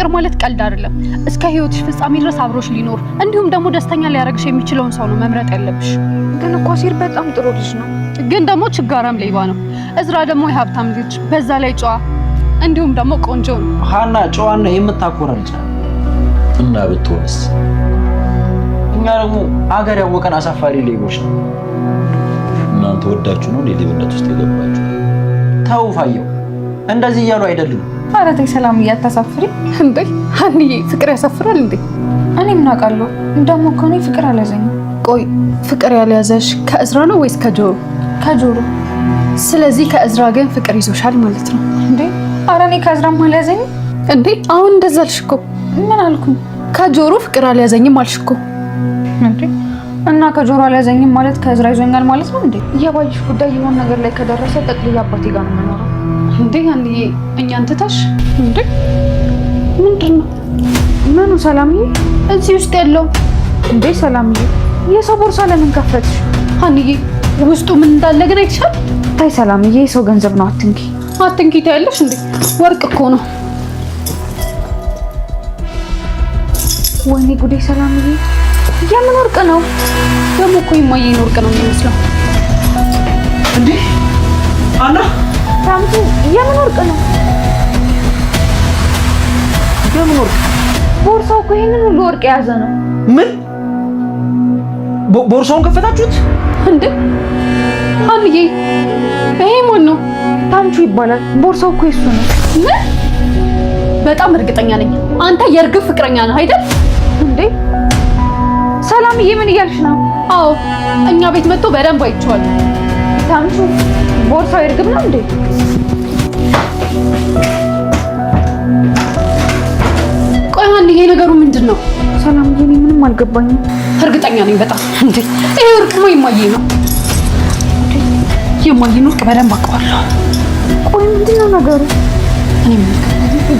ፍቅር ማለት ቀልድ አይደለም። እስከ ህይወትሽ ፍጻሜ ድረስ አብሮሽ ሊኖር እንዲሁም ደግሞ ደስተኛ ሊያደርግሽ የሚችለውን ሰው ነው መምረጥ ያለብሽ። ግን እኮ ሲር በጣም ጥሩ ልጅ ነው፣ ግን ደግሞ ችጋራም ሌባ ነው። እዝራ ደግሞ የሀብታም ልጅ፣ በዛ ላይ ጨዋ እንዲሁም ደግሞ ቆንጆ ነው። ሀና ጨዋና የምታኮራጭ እና ብትሆንስ? እኛ ደግሞ አገር ያወቀን አሳፋሪ ሌቦች ነው። እናንተ ወዳችሁ ነው ሌብነት ውስጥ የገባችሁ። ተው ፋየው እንደዚህ እያሉ አይደለም። ኧረ ተይ ሰላምዬ፣ አታሳፍሪ እንዴ! ሀኒዬ ፍቅር ያሳፍራል እንዴ? እኔ ምን አውቃለሁ። እንደውም እኮ እኔ ፍቅር አልያዘኝም። ቆይ ፍቅር ያልያዘሽ ከእዝራ ነው ወይስ ከጆሮ? ከጆሮ። ስለዚህ ከእዝራ ግን ፍቅር ይዞሻል ማለት ነው እንዴ? ኧረ እኔ ከእዝራም አልያዘኝም እንዴ። አሁን እንደዛ አልሽ እኮ። ምን አልኩኝ? ከጆሮ ፍቅር አልያዘኝም አልሽ እኮ እንዴ እና ከጆሮ አልያዘኝም ማለት ከእዝራ ይዞኛል ማለት ነው እንዴ? የባይሽ ጉዳይ የሆነ ነገር ላይ ከደረሰ ጠቅልዬ አባቴ ጋር ነው እንዴ ያኔ እኛን ትተሽ እንዴ? ምንድን ነው ምኑ? ሰላምዬ እዚህ ውስጥ ያለው እንዴ? ሰላምዬ የሰው ቦርሳ ለምን ከፈትሽ? ሀኒዬ ውስጡ ምን እንዳለ ግን አይተሻል? ታይ ሰላምዬ፣ የሰው ገንዘብ ነው አትንኪ፣ አትንኪ ታያለሽ እንዴ? ወርቅ እኮ ነው። ወይኔ ጉዴ! ሰላምዬ የምን ወርቅ ነው ደግሞ? እኮ የማየን ወርቅ ነው የሚመስለው እንዴ አና ታምቱ የምን ወርቅ ነው? የምን ወርቅ? ቦርሳው እኮ ይሄንን ሁሉ ወርቅ የያዘ ነው። ምን ቦርሳውን ከፈታችሁት እንዴ? አንዬ ይሄ ማን ነው? ታምቹ ይባላል። ቦርሳው እኮ የሱ ነው። ምን? በጣም እርግጠኛ ነኝ አንተ የእርግብ ፍቅረኛ ነህ አይደል? እንዴ ሰላምዬ፣ ምን እያልሽ ነው? አዎ እኛ ቤት መጥቶ በደንብ አይቼዋለሁ። ታምቹ ቦርሳው የእርግብ ነው እንዴ? ቆይ ነገሩ ምንድን ነው? ሰላምዬ፣ እኔ ምንም አልገባኝም። እርግጠኛ ነኝ በጣም እንዴ። ይሄ ወርቅማ የማየ ነው። የማየን ወርቅ በደንብ አውቀዋለሁ። ቆይ ምንድን ነው ነገሩ? እኔ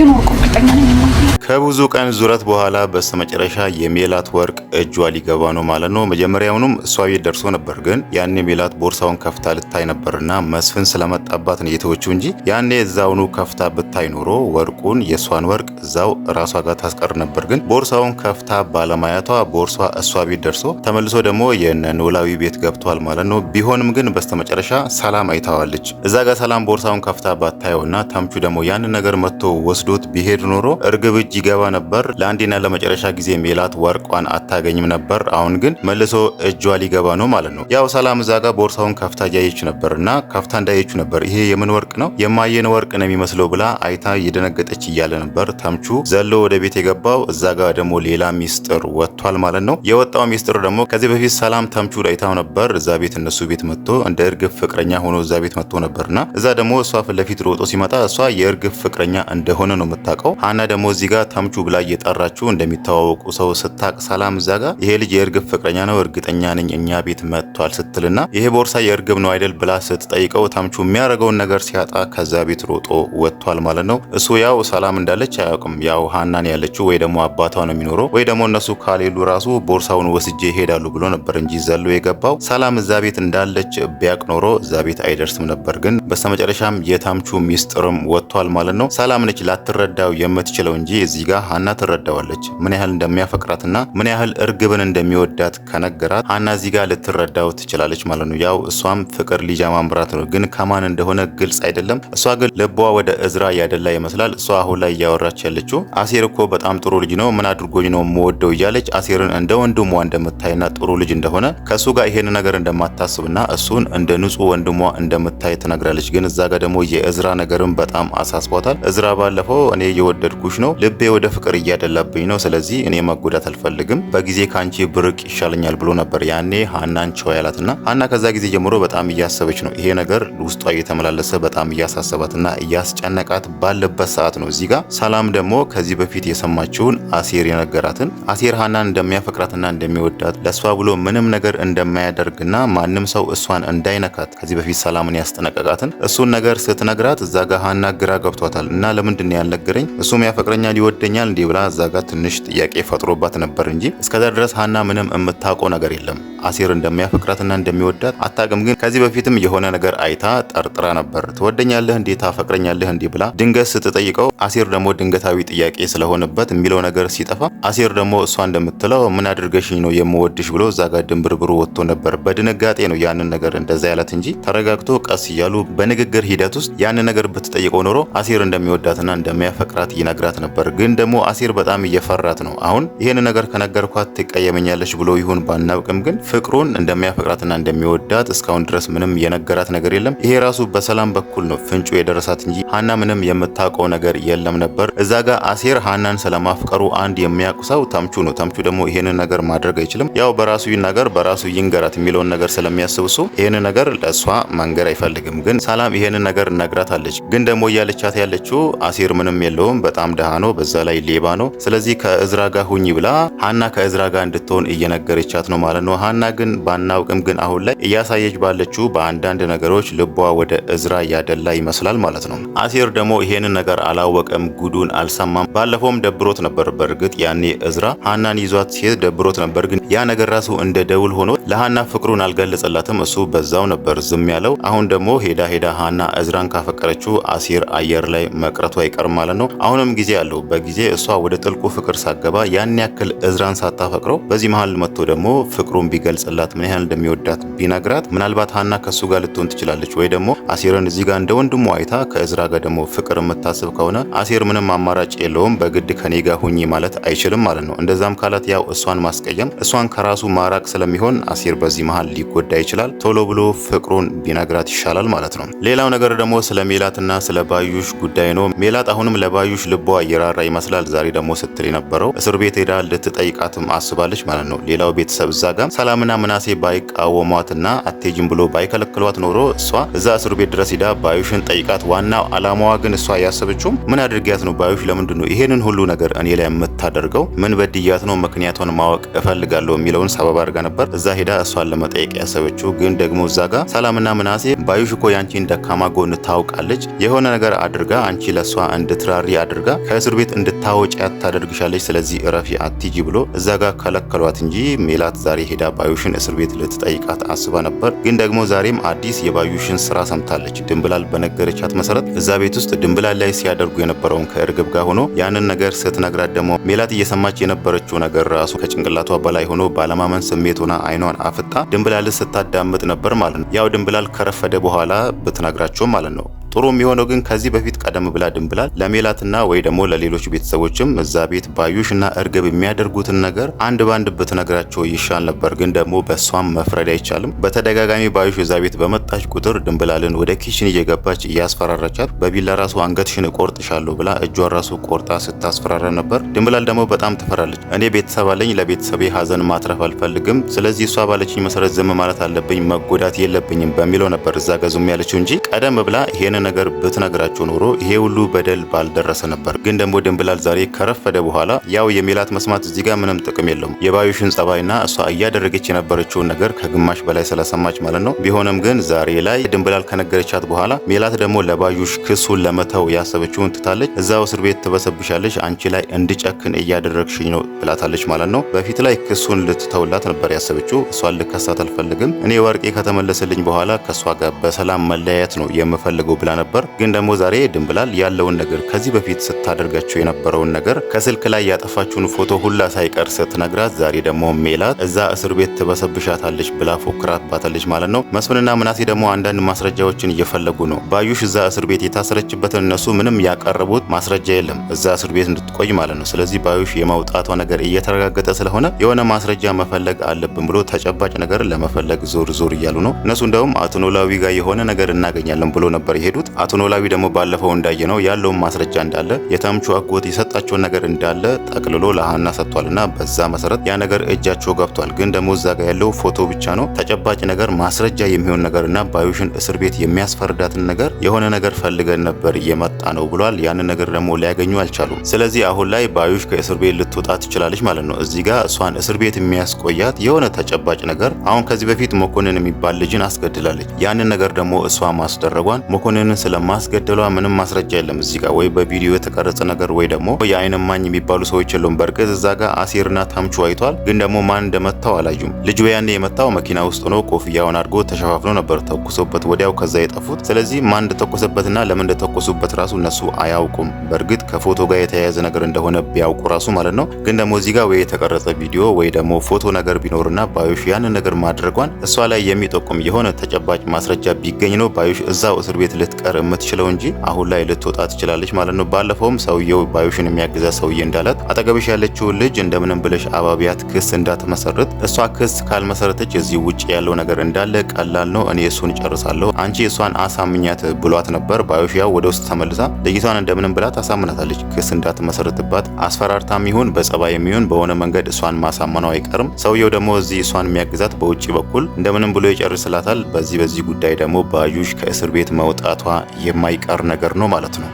ግን ወርቁ እርግጠኛ ነኝ የማየ ነው። ከብዙ ቀን ዙረት በኋላ በስተመጨረሻ የሜላት ወርቅ እጇ ሊገባ ነው ማለት ነው። መጀመሪያውኑም እሷ ቤት ደርሶ ነበር፣ ግን ያኔ ሜላት ቦርሳውን ከፍታ ልታይ ነበርና መስፍን ስለመጣባት ነው የተወችው እንጂ ያኔ እዛውኑ ከፍታ ብታይ ኖሮ ወርቁን የእሷን ወርቅ እዛው ራሷ ጋር ታስቀር ነበር። ግን ቦርሳውን ከፍታ ባለማያቷ ቦርሷ እሷ ቤት ደርሶ ተመልሶ ደግሞ የኖላዊ ቤት ገብቷል ማለት ነው። ቢሆንም ግን በስተመጨረሻ ሰላም አይታዋለች። እዛ ጋር ሰላም ቦርሳውን ከፍታ ባታየውና ተምቹ ደግሞ ያንን ነገር መጥቶ ወስዶት ቢሄድ ኖሮ እርግብ እጅ ይገባ ነበር። ለአንዴና ለመጨረሻ ጊዜ ሜላት ወርቋን አታገኝም ነበር። አሁን ግን መልሶ እጇ ሊገባ ነው ማለት ነው። ያው ሰላም እዛ ጋር ቦርሳውን ከፍታ እያየች ነበር እና ከፍታ እንዳየች ነበር ይሄ የምን ወርቅ ነው የማየን ወርቅ ነው የሚመስለው ብላ አይታ እየደነገጠች እያለ ነበር ተምቹ ዘሎ ወደ ቤት የገባው። እዛ ጋር ደግሞ ሌላ ሚስጥር ወጥቷል ማለት ነው። የወጣው ሚስጥር ደግሞ ከዚህ በፊት ሰላም ተምቹ አይታው ነበር። እዛ ቤት እነሱ ቤት መጥቶ እንደ እርግብ ፍቅረኛ ሆኖ እዛ ቤት መጥቶ ነበርና እዛ ደግሞ እሷ ፊት ለፊት ሮጦ ሲመጣ እሷ የእርግብ ፍቅረኛ እንደሆነ ነው የምታውቀው። ሀና ደግሞ እዚህ ጋር ተምቹ ብላ እየጠራችው እንደሚተዋወቁ ሰው ስታቅ ሰላም እዛ ይሄ ልጅ የእርግብ ፍቅረኛ ነው እርግጠኛ ነኝ እኛ ቤት መጥቷል ስትልና ይሄ ቦርሳ የእርግብ ነው አይደል ብላ ስትጠይቀው ተምቹ የሚያደርገውን ነገር ሲያጣ ከዛ ቤት ሮጦ ወጥቷል ማለት ነው። እሱ ያው ሰላም እንዳለች አያውቅም። ያው ሀናን ያለችው ወይ ደግሞ አባቷ ነው የሚኖረው ወይ ደግሞ እነሱ ካሌሉ ራሱ ቦርሳውን ወስጄ ይሄዳሉ ብሎ ነበር እንጂ ዘሎ የገባው ሰላም እዛ ቤት እንዳለች ቢያቅ ኖሮ እዛ ቤት አይደርስም ነበር። ግን በስተመጨረሻም የታምቹ ሚስጥርም ወጥቷል ማለት ነው። ሰላም ነች ላትረዳው የምትችለው እንጂ እዚህ ጋር ሀና ትረዳዋለች። ምን ያህል እንደሚያፈቅራትና ምን ያህል እርግብን እንደሚወዳት ከነገራት ሀና እዚህ ጋር ልትረዳው ትችላለች ማለት ነው። ያው እሷም ፍቅር ልጃ ማምራት ነው፣ ግን ከማን እንደሆነ ግልጽ አይደለም። እሷ ግን ልቧ ወደ እዝራ ያደላ ይመስላል። እሷ አሁን ላይ እያወራች ያለችው አሴር እኮ በጣም ጥሩ ልጅ ነው፣ ምን አድርጎኝ ነው የምወደው እያለች አሴርን እንደ ወንድሟ እንደምታይና ጥሩ ልጅ እንደሆነ ከእሱ ጋር ይሄን ነገር እንደማታስብና እሱን እንደ ንጹህ ወንድሟ እንደምታይ ትነግራለች። ግን እዛ ጋር ደግሞ የእዝራ ነገርም በጣም አሳስቧታል። እዝራ ባለፈው እኔ የወደድኩሽ ነው ልቤ ወደ ፍቅር እያደላብኝ ነው። ስለዚህ እኔ መጎዳት አልፈልግም፣ በጊዜ ከአንቺ ብርቅ ይሻለኛል ብሎ ነበር ያኔ ሀናን ቸው ያላትና ሀና ከዛ ጊዜ ጀምሮ በጣም እያሰበች ነው። ይሄ ነገር ውስጧ እየተመላለሰ በጣም እያሳሰባትና እያስጨነቃት ባለበት ሰዓት ነው እዚህ ጋር ሰላም ደግሞ ከዚህ በፊት የሰማችውን አሴር የነገራትን አሴር ሀናን እንደሚያፈቅራትና እንደሚወዳት ለእሷ ብሎ ምንም ነገር እንደማያደርግና ማንም ሰው እሷን እንዳይነካት ከዚህ በፊት ሰላምን ያስጠነቀቃትን እሱን ነገር ስትነግራት እዛ ጋር ሀና ግራ ገብቷታል እና ለምንድን ያልነገረኝ እሱም ያፈቅረኛ ይወደኛል እንዲህ ብላ እዛ ጋር ትንሽ ጥያቄ ፈጥሮባት ነበር እንጂ እስከዛ ድረስ ሀና ምንም የምታውቀው ነገር የለም። አሲር እንደሚያፈቅራትና እንደሚወዳት አታውቅም። ግን ከዚህ በፊትም የሆነ ነገር አይታ ጠርጥራ ነበር። ትወደኛለህ እንዴ ታፈቅረኛለህ እንዲህ ብላ ድንገት ስትጠይቀው አሲር ደግሞ ድንገታዊ ጥያቄ ስለሆነበት የሚለው ነገር ሲጠፋ አሲር ደግሞ እሷ እንደምትለው ምን አድርገሽኝ ነው የምወድሽ ብሎ እዛ ጋር ድንብርብሩ ወጥቶ ነበር። በድንጋጤ ነው ያንን ነገር እንደዛ ያለት እንጂ ተረጋግቶ ቀስ እያሉ በንግግር ሂደት ውስጥ ያንን ነገር ብትጠይቀው ኖሮ አሲር እንደሚወዳትና እንደሚያፈቅራት ይነግራት ነበር። ግን ደግሞ አሴር በጣም እየፈራት ነው። አሁን ይህን ነገር ከነገርኳት ትቀየመኛለች ብሎ ይሁን ባናውቅም ግን ፍቅሩን እንደሚያፈቅራትና እንደሚወዳት እስካሁን ድረስ ምንም የነገራት ነገር የለም። ይሄ ራሱ በሰላም በኩል ነው ፍንጩ የደረሳት እንጂ ሀና ምንም የምታውቀው ነገር የለም ነበር። እዛ ጋር አሴር ሀናን ስለማፍቀሩ አንድ የሚያቁሳው ሰው ተምቹ ነው። ተምቹ ደግሞ ይህንን ነገር ማድረግ አይችልም። ያው በራሱ ነገር በራሱ ይንገራት የሚለውን ነገር ስለሚያስብ እሱ ይህንን ነገር ለእሷ መንገር አይፈልግም። ግን ሰላም ይህንን ነገር ነግራታለች። ግን ደግሞ እያለቻት ያለችው አሴር ምንም የለውም በጣም ደሃ ነው በዛ ላይ ሌባ ነው። ስለዚህ ከእዝራ ጋር ሁኝ ብላ ሀና ከእዝራ ጋር እንድትሆን እየነገረቻት ነው ማለት ነው። ሀና ግን ባናውቅም ግን አሁን ላይ እያሳየች ባለችው በአንዳንድ ነገሮች ልቧ ወደ እዝራ እያደላ ይመስላል ማለት ነው። አሴር ደግሞ ይሄንን ነገር አላወቀም፣ ጉዱን አልሰማም። ባለፈውም ደብሮት ነበር። በእርግጥ ያኔ እዝራ ሀናን ይዟት ሲሄድ ደብሮት ነበር ግን ያ ነገር ራሱ እንደ ደውል ሆኖ ለሀና ፍቅሩን አልገለጸላትም። እሱ በዛው ነበር ዝም ያለው። አሁን ደግሞ ሄዳ ሄዳ ሃና እዝራን ካፈቀረችው አሲር አየር ላይ መቅረቱ አይቀርም ማለት ነው። አሁንም ጊዜ አለው። በጊዜ እሷ ወደ ጥልቁ ፍቅር ሳገባ ያን ያክል እዝራን ሳታፈቅረው በዚህ መሀል መጥቶ ደግሞ ፍቅሩን ቢገልጽላት ምን ያህል እንደሚወዳት ቢነግራት ምናልባት ሃና ከሱ ጋር ልትሆን ትችላለች። ወይ ደግሞ አሲርን እዚህ ጋር እንደ ወንድሙ አይታ ከእዝራ ጋር ደግሞ ፍቅር የምታስብ ከሆነ አሲር ምንም አማራጭ የለውም፣ በግድ ከኔ ጋር ሁኚ ማለት አይችልም ማለት ነው። እንደዛም ካላት ያው እሷን ማስቀየም እሷ እሷን ከራሱ ማራቅ ስለሚሆን አሲር በዚህ መሀል ሊጎዳ ይችላል። ቶሎ ብሎ ፍቅሩን ቢነግራት ይሻላል ማለት ነው። ሌላው ነገር ደግሞ ስለ ሜላትና ስለ ባዩሽ ጉዳይ ነው። ሜላት አሁንም ለባዩሽ ልቧ እየራራ ይመስላል። ዛሬ ደግሞ ስትል የነበረው እስር ቤት ሄዳ ልትጠይቃትም አስባለች ማለት ነው። ሌላው ቤተሰብ እዛ ጋም ሰላምና ምናሴ ባይቃወሟትና አቴጅም ብሎ ባይከለክሏት ኖሮ እሷ እዛ እስር ቤት ድረስ ሂዳ ባዩሽን ጠይቃት። ዋናው አላማዋ ግን እሷ ያሰበችውም ምን አድርጊያት ነው ባዩሽ፣ ለምንድን ነው ይሄንን ሁሉ ነገር እኔ ላይ የምታደርገው? ምን በድያት ነው? ምክንያቷን ማወቅ እፈልጋለሁ አለው የሚለውን ሰበብ አድርጋ ነበር። እዛ ሄዳ እሷን ለመጠየቅ ያሰበችው ግን ደግሞ እዛ ጋር ሰላምና ምናሴ ባዩሽ እኮ የአንቺን ደካማ ጎን ታውቃለች፣ የሆነ ነገር አድርጋ አንቺ ለእሷ እንድትራሪ አድርጋ ከእስር ቤት እንድታወጪ ታደርግሻለች፣ ስለዚህ እረፊ አትጂ ብሎ እዛ ጋር ከለከሏት እንጂ ሜላት ዛሬ ሄዳ ባዩሽን እስር ቤት ልትጠይቃት አስባ ነበር። ግን ደግሞ ዛሬም አዲስ የባዩሽን ስራ ሰምታለች። ድንብላል በነገረቻት መሰረት እዛ ቤት ውስጥ ድንብላል ላይ ሲያደርጉ የነበረውን ከእርግብ ጋር ሆኖ ያንን ነገር ስትነግራት ደግሞ ሜላት እየሰማች የነበረችው ነገር ራሱ ከጭንቅላቷ በላይ ሆኖ ሆኖ ባለማመን ስሜት ሆና አይኗን አፍጣ ድንብላል ስታዳምጥ ነበር ማለት ነው። ያው ድንብላል ከረፈደ በኋላ ብትነግራቸውም ማለት ነው። ጥሩ የሚሆነው ግን ከዚህ በፊት ቀደም ብላ ድንብላል ለሜላትና ወይ ደግሞ ለሌሎች ቤተሰቦችም እዛ ቤት ባዩሽ እና እርግብ የሚያደርጉትን ነገር አንድ ባንድ ብትነግራቸው ይሻል ነበር። ግን ደግሞ በእሷም መፍረድ አይቻልም። በተደጋጋሚ ባዩሽ እዛ ቤት በመጣች ቁጥር ድንብላልን ወደ ኪችን እየገባች እያስፈራራቻት በቢላ ራሱ አንገትሽን እቆርጥሻለሁ ብላ እጇን ራሱ ቆርጣ ስታስፈራራ ነበር። ድንብላል ደግሞ በጣም ትፈራለች። እኔ ቤተሰብ አለኝ፣ ለቤተሰቤ ሀዘን ማትረፍ አልፈልግም። ስለዚህ እሷ ባለችኝ መሰረት ዝም ማለት አለብኝ፣ መጎዳት የለብኝም በሚለው ነበር እዛ ገዙም ያለችው እንጂ ቀደም ብላ ይሄን ነገር ብትነግራቸው ኖሮ ይሄ ሁሉ በደል ባልደረሰ ነበር። ግን ደግሞ ድንብላል ዛሬ ከረፈደ በኋላ ያው የሜላት መስማት እዚህ ጋር ምንም ጥቅም የለውም። የባዩሽን ጸባይና እሷ እያደረገች የነበረችውን ነገር ከግማሽ በላይ ስለሰማች ማለት ነው። ቢሆንም ግን ዛሬ ላይ ድንብላል ከነገረቻት በኋላ ሜላት ደግሞ ለባዩሽ ክሱን ለመተው ያሰበችውን ትታለች። እዛው እስር ቤት ትበሰብሻለች፣ አንቺ ላይ እንድጨክን እያደረግሽኝ ነው ብላታለች ማለት ነው። በፊት ላይ ክሱን ልትተውላት ነበር ያሰበችው። እሷን ልከሳት አልፈልግም፣ እኔ ወርቄ ከተመለሰልኝ በኋላ ከእሷ ጋር በሰላም መለያየት ነው የምፈልገው ብላ ነበር። ግን ደግሞ ዛሬ ብላል ያለውን ነገር ከዚህ በፊት ስታደርጋቸው የነበረውን ነገር ከስልክ ላይ ያጠፋችውን ፎቶ ሁላ ሳይቀር ስትነግራት፣ ዛሬ ደግሞ ሜላት እዛ እስር ቤት ትበሰብሻታለች ብላ ፎክራት ባታለች ማለት ነው። መስፍንና ምናሴ ደግሞ አንዳንድ ማስረጃዎችን እየፈለጉ ነው። ባዩሽ እዛ እስር ቤት የታሰረችበትን እነሱ ምንም ያቀረቡት ማስረጃ የለም እዛ እስር ቤት እንድትቆይ ማለት ነው። ስለዚህ ባዩሽ የማውጣቷ ነገር እየተረጋገጠ ስለሆነ የሆነ ማስረጃ መፈለግ አለብን ብሎ ተጨባጭ ነገር ለመፈለግ ዞር ዞር እያሉ ነው። እነሱ እንደውም አቶ ኖላዊ ጋር የሆነ ነገር እናገኛለን ብሎ ነበር የሄዱት አቶ ኖላዊ ደግሞ ባለፈው እንዳየ ነው ያለውን ማስረጃ እንዳለ የተምቹ አጎት የሰጣቸውን ነገር እንዳለ ጠቅልሎ ለሀና ሰጥቷልና በዛ መሰረት ያ ነገር እጃቸው ገብቷል። ግን ደግሞ እዛ ጋ ያለው ፎቶ ብቻ ነው። ተጨባጭ ነገር ማስረጃ የሚሆን ነገርና ባዩሽን እስር ቤት የሚያስፈርዳትን ነገር የሆነ ነገር ፈልገን ነበር እየመጣ ነው ብሏል። ያንን ነገር ደግሞ ሊያገኙ አልቻሉም። ስለዚህ አሁን ላይ ባዩሽ ከእስር ቤት ልትወጣ ትችላለች ማለት ነው። እዚህ ጋር እሷን እስር ቤት የሚያስቆያት የሆነ ተጨባጭ ነገር አሁን ከዚህ በፊት መኮንን የሚባል ልጅን አስገድላለች። ያንን ነገር ደግሞ እሷ ማስደረጓን መኮንንን ስለማስገደሏ ምንም ማስረጃ የለም። እዚህ ጋር ወይ በቪዲዮ የተቀረጸ ነገር ወይ ደግሞ የአይን ማኝ የሚባሉ ሰዎች የለውም። በእርግጥ እዛ ጋር አሲርና ታምቹ አይቷል፣ ግን ደግሞ ማን እንደመታው አላዩም። ልጁ ያኔ የመታው መኪና ውስጥ ሆኖ ኮፍያውን አድርጎ ተሸፋፍኖ ነበር ተኩሶበት ወዲያው ከዛ የጠፉት። ስለዚህ ማን እንደተኮሰበትና ለምን እንደተኮሱበት ራሱ እነሱ አያውቁም። በእርግጥ ከፎቶ ጋር የተያያዘ ነገር እንደሆነ ቢያውቁ ራሱ ማለት ነው። ግን ደግሞ እዚህ ጋር ወይ የተቀረጸ ቪዲዮ ወይ ደግሞ ፎቶ ነገር ቢኖርና ባዮሽ ያንን ነገር ማድረጓን እሷ ላይ የሚጠቁም የሆነ ተጨባጭ ማስረጃ ቢገኝ ነው ባዮሽ እዛው እስር ቤት ልትቀር ማስተማር የምትችለው እንጂ አሁን ላይ ልትወጣ ትችላለች ማለት ነው። ባለፈውም ሰውየው ባዮሽን የሚያግዛት ሰውዬ እንዳላት አጠገብሽ ያለችውን ልጅ እንደምንም ብለሽ አባቢያት ክስ እንዳትመሰርት፣ እሷ ክስ ካልመሰረተች እዚህ ውጭ ያለው ነገር እንዳለ ቀላል ነው፣ እኔ እሱን ጨርሳለሁ፣ አንቺ እሷን አሳምኛት ብሏት ነበር። ባዮሽ ያው ወደ ውስጥ ተመልሳ ልጅቷን እንደምንም ብላ ታሳምናታለች። ክስ እንዳትመሰረትባት አስፈራርታም ይሁን በጸባይ የሚሆን በሆነ መንገድ እሷን ማሳመኗ አይቀርም። ሰውየው ደግሞ እዚህ እሷን የሚያግዛት በውጭ በኩል እንደምንም ብሎ ይጨርስላታል። በዚህ በዚህ ጉዳይ ደግሞ ባዩሽ ከእስር ቤት መውጣቷ የማይቀር ነገር ነው ማለት ነው።